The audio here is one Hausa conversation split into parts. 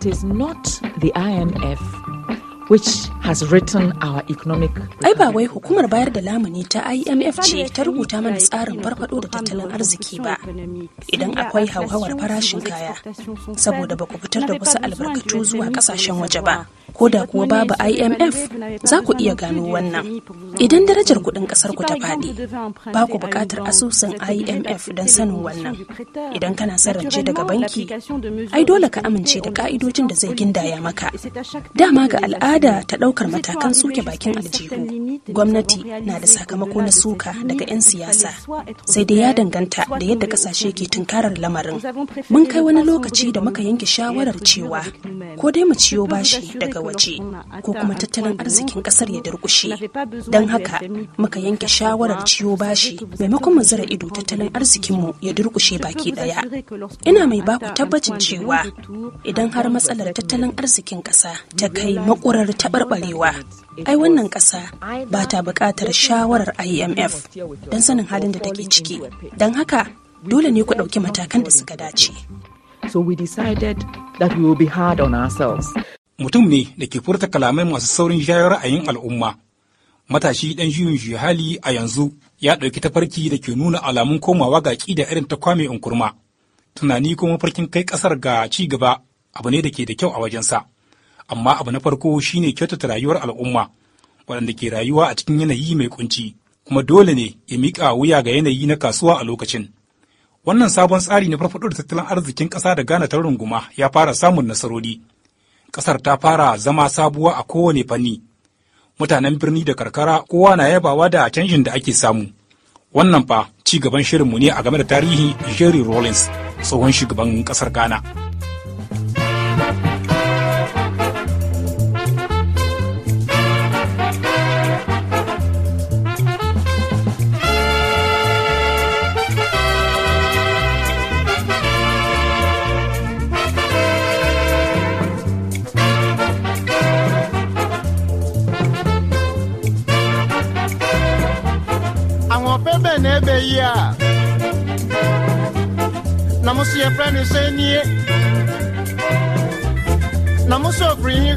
it is not the IMF which has written our economic Ai ba wai hukumar bayar da lamuni ta IMF ce ta rubuta mana tsarin farfado da tattalin arziki ba. Idan akwai hauhawar farashin kaya saboda ba ku fitar da wasu albarkatu zuwa kasashen waje ba. Ko da kuwa babu IMF za ku iya gano wannan. Idan darajar kuɗin ƙasar ku ta faɗi, ba ku buƙatar asusun IMF don sanin wannan. Idan kana son daga banki, ai dole ka amince da ka'idojin da zai gindaya maka. Dama ga al'ada ta ɗauka ɗaukar matakan suke bakin aljihu gwamnati na da sakamako na suka daga 'yan siyasa sai dai ya danganta da yadda kasashe ke tunkarar lamarin mun kai wani lokaci da muka yanke shawarar cewa ko dai mu ciyo bashi daga waje ko kuma tattalin arzikin kasar ya durkushe don haka muka yanke shawarar ciyo bashi maimakon mu zara ido tattalin arzikinmu ya durkushe baki daya ina mai baku tabbacin cewa idan har matsalar tattalin arzikin kasa ta kai makurar taɓarɓarewa ai wannan ƙasa ba ta buƙatar shawarar imf don sanin halin da take ciki don haka dole ne ku ɗauki matakan da suka dace So we decided that we will be hard on ourselves. Mutum ne da ke furta kalamai masu saurin shayar ra'ayin al'umma. Matashi ɗan juyin hali a yanzu ya ɗauki tafarki da ke nuna alamun komawa ga ƙi da irin ta kwame unkurma. Tunani kuma farkin kai ƙasar ga ci gaba abu ne da ke da kyau a wajensa. Amma abu na farko shine kyautata rayuwar al'umma waɗanda ke rayuwa a cikin yanayi mai kunci kuma dole ne ya miƙa wuya ga yanayi na kasuwa a lokacin. Wannan sabon tsari na farfaɗo da tattalin arzikin ƙasa da gane ta runguma ya fara samun nasarori. Ƙasar ta fara zama sabuwa a kowane fanni. Mutanen birni da karkara kowa na yabawa da canjin da ake samu. Wannan fa ci gaban shirinmu ne a game da tarihi Jerry Rawlings, tsohon shugaban ƙasar Ghana. yɛfrɛ ne sɛ nie na mo sɛ ɔfirihi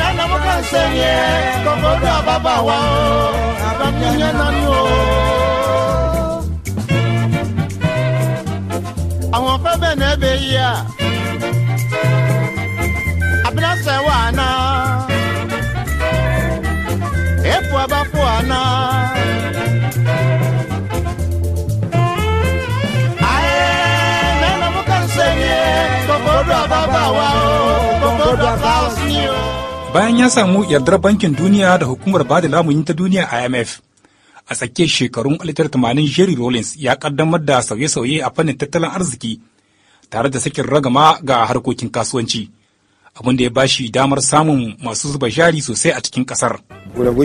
nana mo ka sɛ neɛ kɔkɔdo ababawa o abanyɛ nane o ahoɔfɛ a Bayan ya samu yardar bankin duniya da hukumar bada lamuni ta duniya IMF, a tsakiyar shekarun 1980 Jerry Rollins ya kaddamar da sauye-sauye a fannin tattalin arziki tare da sakin ragama ga harkokin kasuwanci. abin da ya ba shi damar samun masu zuba jari sosai a cikin kasar. Uh,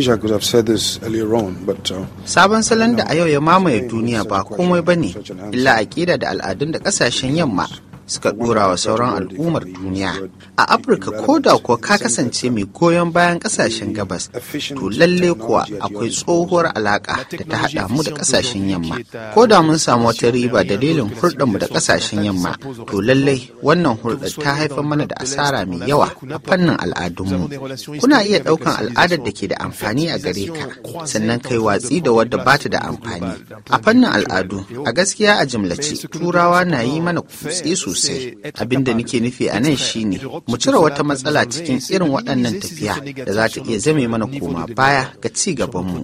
Sabon salon da a yau ya mamaye uh, duniya ba komai ba ne, illa aƙida da al'adun da ƙasashen yamma suka dora wa sauran al'ummar duniya a afirka ko da kuwa ka kasance mai goyon bayan ƙasashen gabas to lalle kuwa akwai tsohuwar alaƙa da ta haɗa mu da ƙasashen yamma ko da mun samu wata riba dalilin hulɗar mu da ƙasashen yamma to lalle wannan hulɗar ta haifar mana da asara mai yawa a fannin al'adunmu kuna iya ɗaukan al'adar da ke da amfani a gare ka sannan kai watsi da wadda ba ta da amfani a fannin al'adu a gaskiya a jimlace turawa na yi mana kutse sosai sosai eh, eh, abin da nake nufi a nan shine mu cire wata matsala cikin eh, irin waɗannan tafiya da za ta iya zame mana koma baya ga ci gabanmu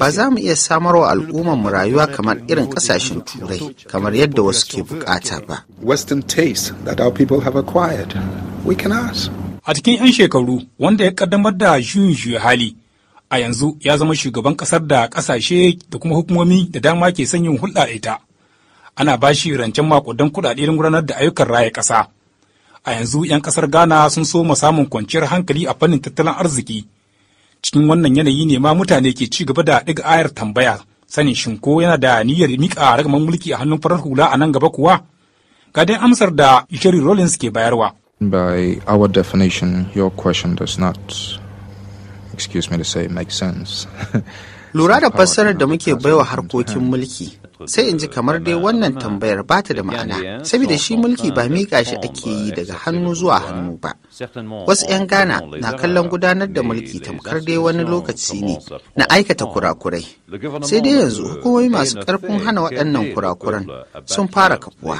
ba za mu iya samarwa al'ummar mu rayuwa kamar irin ƙasashen turai kamar yadda wasu ke bukata ba a cikin 'yan shekaru wanda ya kaddamar da Jun hali a yanzu ya zama shugaban kasar da kasashe da kuma hukumomi da dama ke son yin hulɗa ita ana bashi rancen makudan kuɗaɗe don gudanar da ayyukan raya ƙasa. A yanzu 'yan ƙasar Ghana sun so samun kwanciyar hankali a fannin tattalin arziki. Cikin wannan yanayi ne ma mutane ke ci gaba da ɗiga ayar tambaya sanin shin ko yana da niyyar miƙa ragaman mulki a hannun farar hula a nan gaba kuwa? Ga dai amsar da Isheri Rollins ke bayarwa. By our definition, your question does not, Lura da fassarar da muke baiwa harkokin mulki sai in ji kamar dai wannan tambayar ba ta da ma'ana saboda shi mulki ba miƙa shi ake yi eh, daga hannu zuwa hannu ba wasu 'yan ghana na kallon gudanar da mulki tamkar dai wani lokaci ne na aikata kurakurai sai dai yanzu uh, hukumomi masu ƙarfin hana waɗannan kurakuran sun fara kafuwa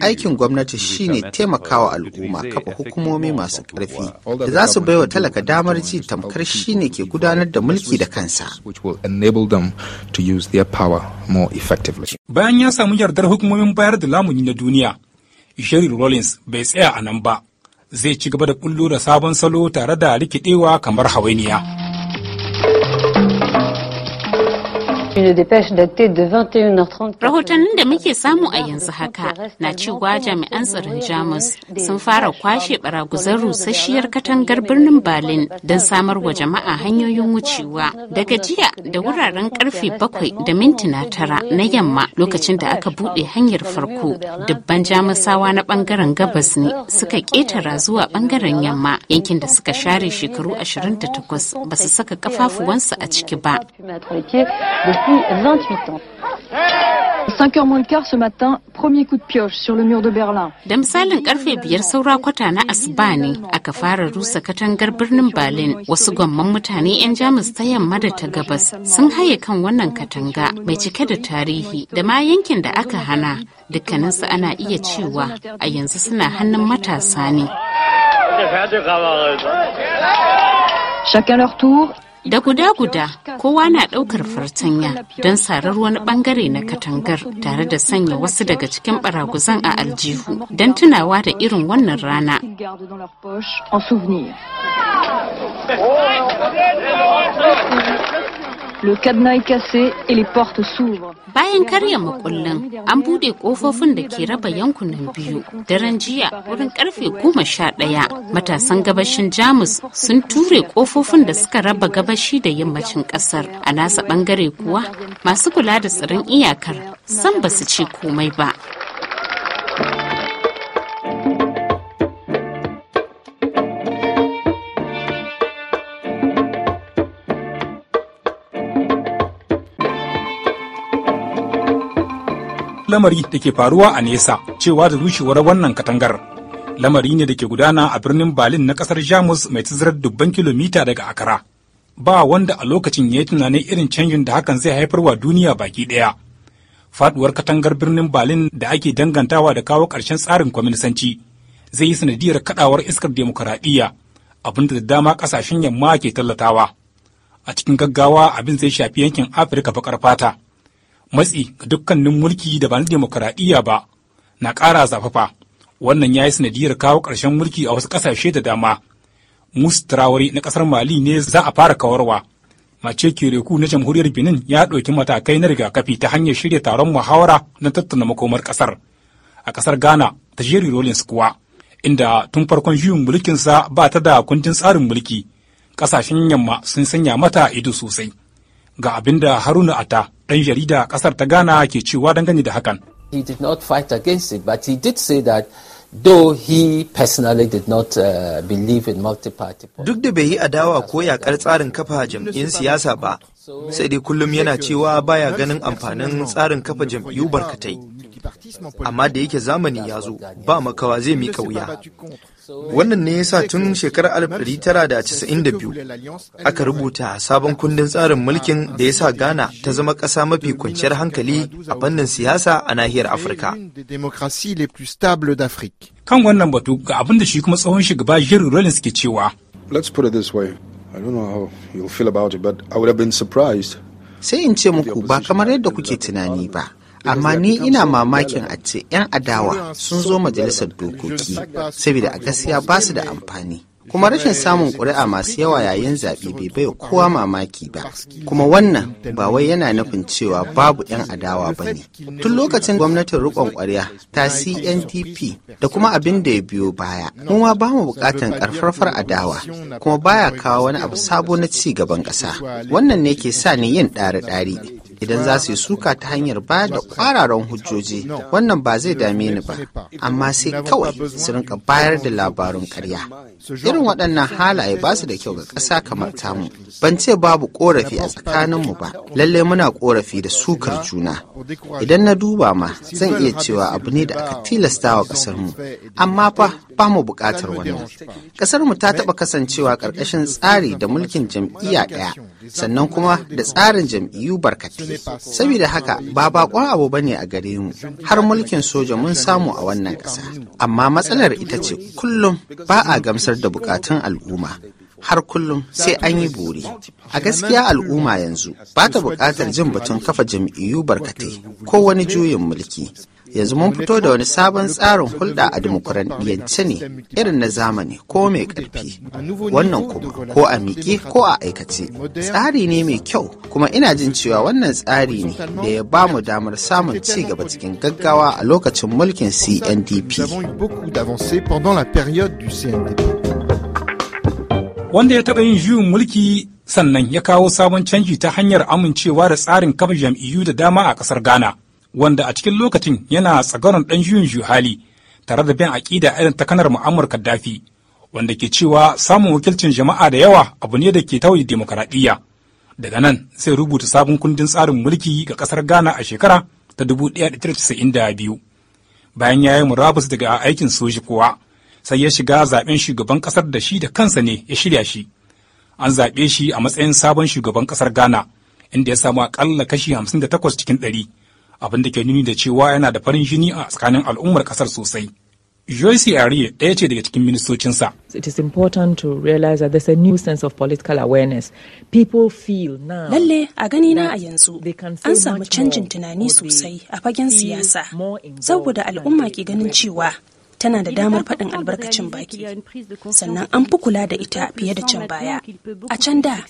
aikin gwamnati shine taimakawa al'umma kafa hukumomi masu ƙarfi da za su baiwa talaka damar ci tamkar shine ke gudanar da mulki da kansa. Which will enable them to use their power more effectively. Bayan ya samu yardar hukumomin bayar da lamuni na duniya, Sherry Rollins bai tsaya a nan ba, zai ci gaba da kullo da sabon salo tare da rikidewa kamar hawainiya. Rahotannin da muke samu a yanzu haka na cewa jami'an tsaron Jamus sun fara kwashe baraguzan rusasshiyar katangar birnin Berlin don samar wa jama'a hanyoyin wucewa. Daga jiya da wuraren karfe bakwai da mintuna tara na yamma lokacin da aka buɗe hanyar farko dubban jamusawa na bangaren gabas ne suka ketara zuwa bangaren yamma yankin da suka share shekaru 28 ba su saka kafafuwansu a ciki ba. depuis 28 ans. 5h moins de quart ce matin, premier coup de pioche sur le mur de Berlin. Da misalin karfe biyar saura kwata na asuba ne aka fara rusa katangar birnin Berlin. Wasu gwamman mutane 'yan Jamus ta yamma da ta gabas sun haye kan wannan katanga mai cike da tarihi da ma yankin da aka hana. Dukkaninsu ana iya cewa a yanzu suna hannun matasa ne. Chacun leur tour, Da guda-guda kowa na ɗaukar fartanya don sarar wani ɓangare na katangar tare da sanya wasu daga cikin baraguzan a aljihu don tunawa da irin wannan rana. Bayan karya makullin an bude kofofin da ke raba yankunan biyu daren jiya wurin karfe goma sha ɗaya matasan gabashin Jamus sun ture kofofin da suka raba gabashi da yammacin kasar a nasa bangare kuwa masu kula da tsaron iyakar san ba su ce komai ba. lamari da ke faruwa a nesa cewa da rushewar wannan katangar. Lamari ne da ke gudana a birnin Berlin na kasar Jamus mai tazarar dubban kilomita daga Akara. Ba wanda a lokacin ya yi tunanin irin canjin da hakan zai haifar wa duniya baki ɗaya. Faduwar katangar birnin Berlin da ake dangantawa da kawo ƙarshen tsarin kwaminisanci zai yi sanadiyar kaɗawar iskar demokuraɗiyya abinda da dama ƙasashen yamma ke tallatawa. A cikin gaggawa abin zai shafi yankin Afirka baƙar fata. matsi ga dukkanin mulki da ba na demokuraɗiyya ba na ƙara zafafa wannan ya yi sanadiyar kawo ƙarshen mulki a wasu ƙasashe da dama musu turawari na ƙasar mali ne za a fara kawarwa mace kereku na jamhuriyar benin ya ɗauki matakai na rigakafi ta hanyar shirya taron muhawara na tattauna makomar ƙasar a ƙasar ghana ta jerry rollins kuwa inda tun farkon juyin mulkinsa ba ta da kundin tsarin mulki ƙasashen yamma sun sanya mata ido sosai ga abin da haruna ata ɗan jarida ƙasar ta ghana ke cewa dangane da hakan he did not fight against it but he did say that though he personally did not uh, believe in multi-party duk da bai yi adawa ko yakar tsarin kafa jam'in siyasa ba sai dai kullum yana cewa baya ganin amfanin tsarin kafa jam'iyyu barkatai amma da yake zamani ya zo ba makawa zai mika wuya wannan ne yasa tun shekarar 1992 aka rubuta sabon kundin tsarin mulkin da ya sa ghana ta zama ƙasa mafi kwanciyar hankali a fannin siyasa a nahiyar afirka kan wannan batu ga abin da shi kuma tsohon shugaba jerry rollins ke cewa let's put it I don't Sai in ce muku ba kamar yadda kuke tunani ba. amma ni ina mamakin a ce 'yan adawa sun zo majalisar dokoki saboda a gaskiya ba su da amfani kuma rashin samun ƙuri'a masu yawa yayin zaɓe bai bai kowa mamaki ba kuma wannan ba wai yana nufin cewa babu 'yan adawa ba ne tun lokacin gwamnatin rikon ƙwarya ta cntp da kuma abin da ya biyo baya mu ma ba mu buƙatar ƙarfafar adawa kuma baya kawo wani abu sabo na ci gaban ƙasa wannan ne ke sa ni yin ɗari-ɗari idan za su yi suka ta hanyar ba da kwararon hujjoji wannan ba zai dame ni ba amma sai kawai su rinka bayar da labarun karya irin waɗannan halaye ba su da kyau ga ƙasa kamar tamu ban ce babu korafi a tsakaninmu ba lalle muna korafi da sukar juna idan na duba ma zan iya cewa abu ne da aka tilasta wa ƙasarmu amma fa ba mu buƙatar wannan ƙasarmu ta taɓa kasancewa ƙarƙashin tsari da mulkin jam'iyya ɗaya sannan kuma da tsarin jam'iyyu barkatai saboda haka ba baƙon abu bane a gare mu har mulkin soja mun samu a wannan ƙasa amma matsalar ita ce kullum ba a gamsar da buƙatun al'umma har kullum sai an yi buri. A gaskiya al'umma yanzu ba ta buƙatar jin batun kafa jam'iyyu barkatai ko wani juyin mulki. Yanzu mun fito da wani sabon tsarin hulɗa a dimokuraɗiyance ne irin na zamani ko mai ƙarfi. Wannan kuma ko a miƙe ko a aikace. Tsari ne mai kyau kuma ina jin cewa wannan tsari ne da ya ba mu damar samun ci gaba cikin gaggawa a lokacin mulkin CNDP. wanda ya taɓa yin juyin mulki sannan ya kawo sabon canji ta hanyar amincewa da tsarin kafa jam'iyyu da dama a ƙasar ghana wanda a cikin lokacin yana tsagaron ɗan juyin juhali tare da bin aƙida irin ta kanar mu'ammar kaddafi wanda ke cewa samun wakilcin jama'a da yawa abu ne da ke tauye demokaradiyya daga nan sai rubuta sabon kundin tsarin mulki ga ƙasar ghana a shekara ta 1992 bayan ya yi murabus daga aikin soji kuwa sai ya shiga zaben shugaban ƙasar da shi da kansa ne ya shirya shi. An zaɓe shi a matsayin sabon shugaban ƙasar Ghana, inda ya samu aƙalla kashi hamsin da takwas cikin ɗari, abin da ke nuni da cewa yana da farin jini a tsakanin al'ummar ƙasar sosai. Joyce Ariye ɗaya ce daga cikin ministocinsa. It is important to realize that there's a new sense of political awareness. People feel now. Lalle a gani na a yanzu an samu canjin tunani sosai a fagen siyasa saboda al'umma ke ganin cewa tana da damar faɗin albarkacin baki sannan an fi kula da ita fiye da can baya a can da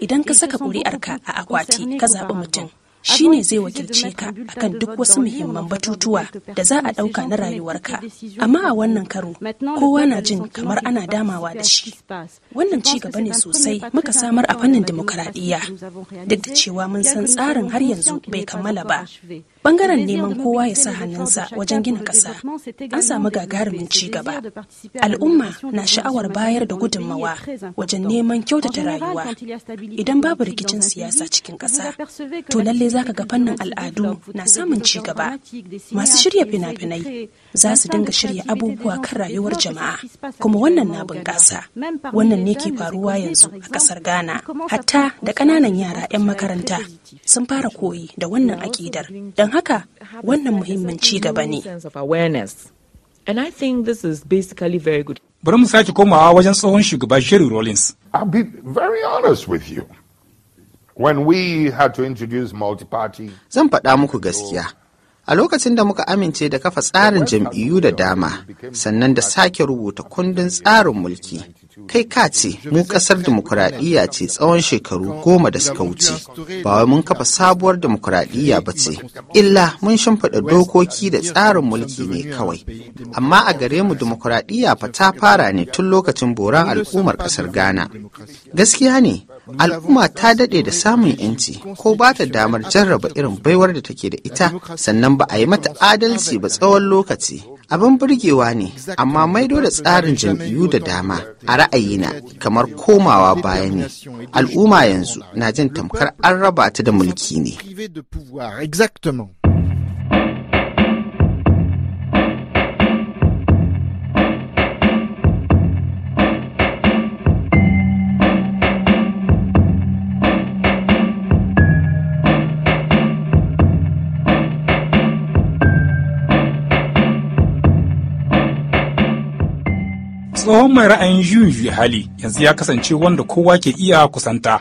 idan ka saka ƙuri'arka a akwati ka zaɓi mutum shi ne zai wakilce ka akan duk wasu muhimman batutuwa da za a ɗauka na rayuwarka amma a wannan karo kowa na jin kamar ana damawa da shi wannan ci gaba ne sosai muka samar a fannin dimokuraɗiyya duk da cewa mun san tsarin har yanzu bai kammala ba Bangaren neman kowa ya sa hannunsa wajen gina ƙasa, an samu gagarumin ci gaba. Al'umma na sha'awar bayar da gudunmawa wajen neman kyautata rayuwa. Idan babu rikicin siyasa cikin ƙasa, to lalle zaka ga fannin al'adu na samun ci gaba. Masu shirya fina-finai za su dinga shirya abubuwa kan rayuwar jama'a, kuma wannan na bunƙasa. Wannan ne ke faruwa yanzu a ƙasar Ghana. Hatta da ƙananan yara 'yan makaranta sun fara koyi da wannan aƙidar don haka wannan muhimmin ci gaba ne. Bari mu sake komawa wajen tsohon shugaba Jerry Rawlings. I'll with you. When we had to introduce multi Zan faɗa muku gaskiya. A lokacin da muka amince da kafa tsarin jam'iyyu da dama, sannan da sake rubuta kundin tsarin mulki, kai ka ce mu ƙasar demokuraɗiyya ce tsawon shekaru goma da suka wuce ba wai mun kafa sabuwar demokuraɗiyya ba ce illa mun shimfiɗa dokoki da tsarin mulki ne kawai amma a gare mu demokuraɗiyya fa ta fara ne tun lokacin boran al'ummar ƙasar ghana gaskiya ne al'umma ta daɗe da samun yanci ko ba ta damar jarraba irin baiwar da take da ita sannan ba a yi mata adalci ba tsawon lokaci abin burgewa ne amma maido da tsarin jam'iyyu da dama a ra'ayina kamar komawa baya ne al'umma yanzu na jin tamkar an raba ta da mulki ne tsohon mai ra'ayin juyin hali yanzu ya kasance wanda kowa ke iya kusanta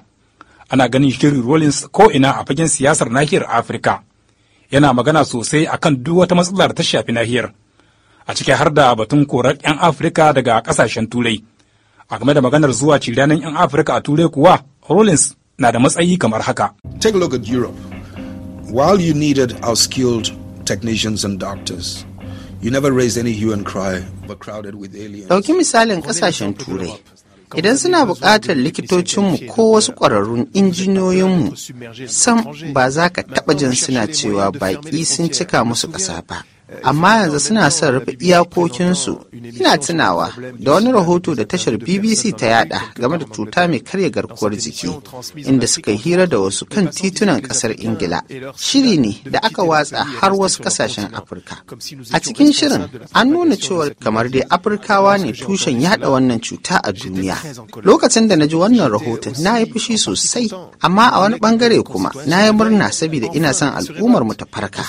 ana ganin shirin rollins ina a fagen siyasar nahiyar afirka yana magana sosai akan duk wata matsalar ta shafi nahiyar a ciki har da batun korar 'yan afirka daga kasashen turai a game da maganar zuwa ciranin 'yan afirka a turai kuwa rollins na da matsayi kamar haka take a look at europe while you needed our skilled technicians and doctors Ɗauki misalin ƙasashen Turai. Idan suna buƙatar likitocinmu ko wasu ƙwararrun injiniyoyinmu, sam ba za ka taɓa jin suna cewa baƙi sun cika musu ƙasa ba. amma yanzu suna son rufe iyakokinsu ina tunawa da wani rahoto da tashar bbc ta yada game da cuta mai karya garkuwar jiki inda suka hira da wasu kan titunan kasar ingila shiri ne da aka watsa har wasu kasashen afirka a cikin shirin an nuna cewa kamar dai afirkawa ne tushen yada wannan cuta a duniya lokacin da na ji wannan rahoton na yi fushi sosai amma a wani bangare kuma na yi murna saboda ina son al'ummar mu ta farka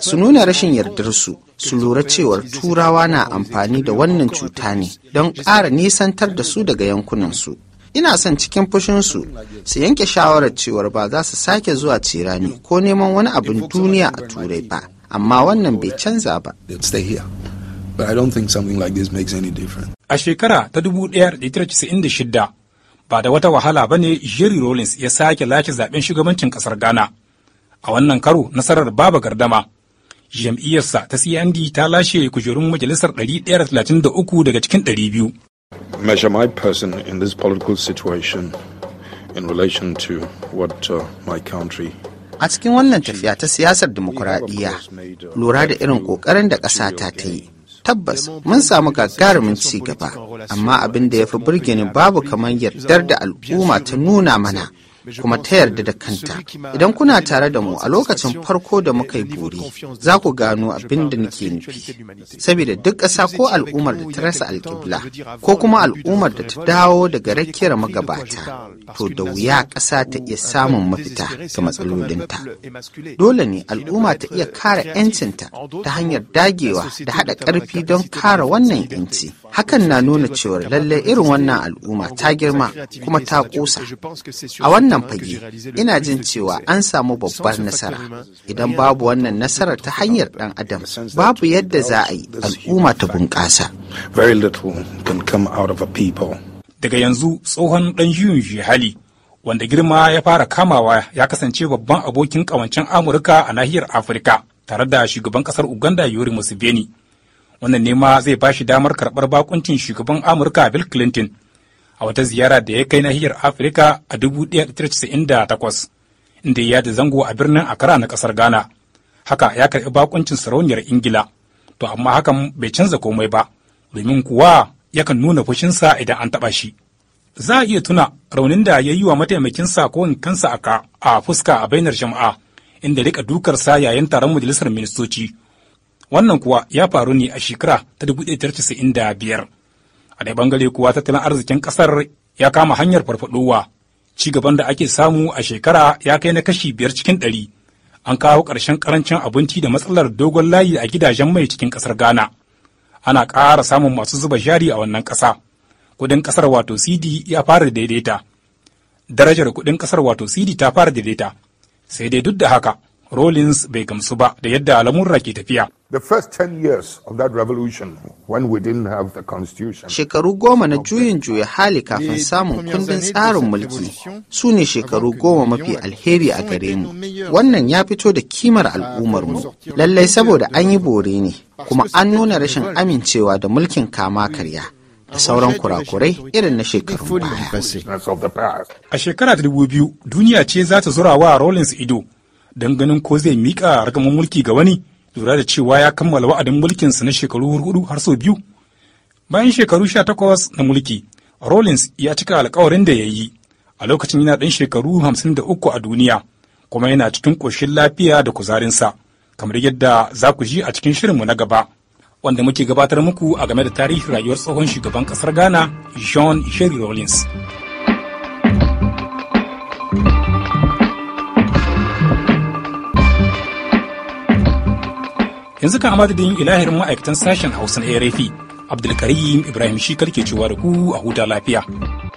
su nuna rashin yardar su su lura cewar turawa na amfani da wannan cuta ne don ƙara nisantar da su daga yankunansu ina son cikin fushinsu su yanke shawarar cewar ba za su sake zuwa cirani ko neman wani abin duniya a turai ba amma wannan bai canza ba a shekara ta 1996 ba da wata wahala ba ne jerry rollins ya sake lashe zaben shugabancin kasar ghana a wannan karo nasarar baba gardama jam'iyyarsa ta CND ta lashe kujerun majalisar 133 daga cikin 200. Measure my person in this political situation in relation to what uh, country a cikin wannan tafiya ta siyasar demokuraɗiyya lura da irin ƙoƙarin da ƙasa ta ta yi tabbas mun samu gagarumin ci gaba amma abin da ya fi burge ni babu kamar yardar da al'umma ta nuna mana kuma ta yarda da kanta idan kuna tare da mu a lokacin farko da muka yi buri za ku gano abin da nake nufi saboda duk ƙasa ko al'ummar da ta rasa alƙibla ko kuma al'ummar da ta dawo daga rakiyar magabata to da wuya ƙasa ta iya samun mafita ga matsalolinta dole ne al'umma ta iya kare ƴancinta ta hanyar dagewa da haɗa ƙarfi don kare wannan 'yanci hakan na nuna cewa lallai irin wannan al'umma ta girma kuma ta ƙosa a wannan wannan fage ina jin cewa an samu babbar nasara idan babu wannan nasarar ta hanyar dan adam babu yadda za a yi al'umma ta bunƙasa daga yanzu tsohon ɗan juyin hali wanda girma ya fara kamawa ya kasance babban abokin ƙawancen amurka a nahiyar afirka tare da shugaban kasar uganda yori museveni wannan nema zai ba shi damar karɓar bakuncin shugaban amurka bill clinton a wata ziyara da ya kai nahiyar Afirka a 1998 inda ya da zango a birnin Accra na kasar Ghana. Haka ya karɓi bakuncin sarauniyar Ingila, to amma hakan bai canza komai ba, domin kuwa yakan nuna fushinsa idan an taɓa shi. Za a iya tuna raunin da ya yi wa mataimakin ko kansa aka a fuska a bainar jama'a inda rika dukarsa yayin taron majalisar ministoci. Wannan kuwa ya faru ne a shekara ta 1995. a ɗaya bangare kuwa tattalin arzikin ƙasar ya kama hanyar farfaɗowa ci gaban da ake samu a shekara ya kai na kashi biyar cikin ɗari an kawo ƙarshen ƙarancin abinci da matsalar dogon layi a gidajen mai cikin ƙasar ghana ana ƙara samun masu zuba jari a wannan ƙasa kuɗin ƙasar wato cd ya fara daidaita darajar kuɗin ƙasar wato cd ta fara daidaita sai dai duk da haka Rollins bai gamsu ba da yadda al'amurra ke tafiya. The first ten years of that revolution when we didn't have the constitution. Shekaru goma na juyin juya hali kafin samun kundin tsarin mulki su ne shekaru goma mafi alheri a gare mu. Wannan ya fito da kimar al'ummar mu. Lallai saboda an yi bore ne kuma an nuna rashin amincewa da mulkin kama karya. da sauran kurakurai irin na shekarun baya. A shekara ta dubu biyu duniya ce za ta zura wa Rollins ido don ganin ko zai miƙa ragaman mulki ga wani lura da cewa ya kammala wa'adin mulkinsa na shekaru hudu har sau biyu. Bayan shekaru sha takwas na mulki, Rawlings ya cika alkawarin da ya yi a lokacin yana ɗan shekaru hamsin da uku a duniya kuma yana cikin ƙoshin lafiya da kuzarinsa kamar yadda za ku ji a cikin shirinmu na gaba wanda muke gabatar muku a game da tarihin rayuwar tsohon shugaban ƙasar Ghana John Sherry Rawlings. yanzu kan amadadin ilahirin ma'aikatan sashen hausa na rfi abdulkarim ibrahim shi ke cewa da ku a huta lafiya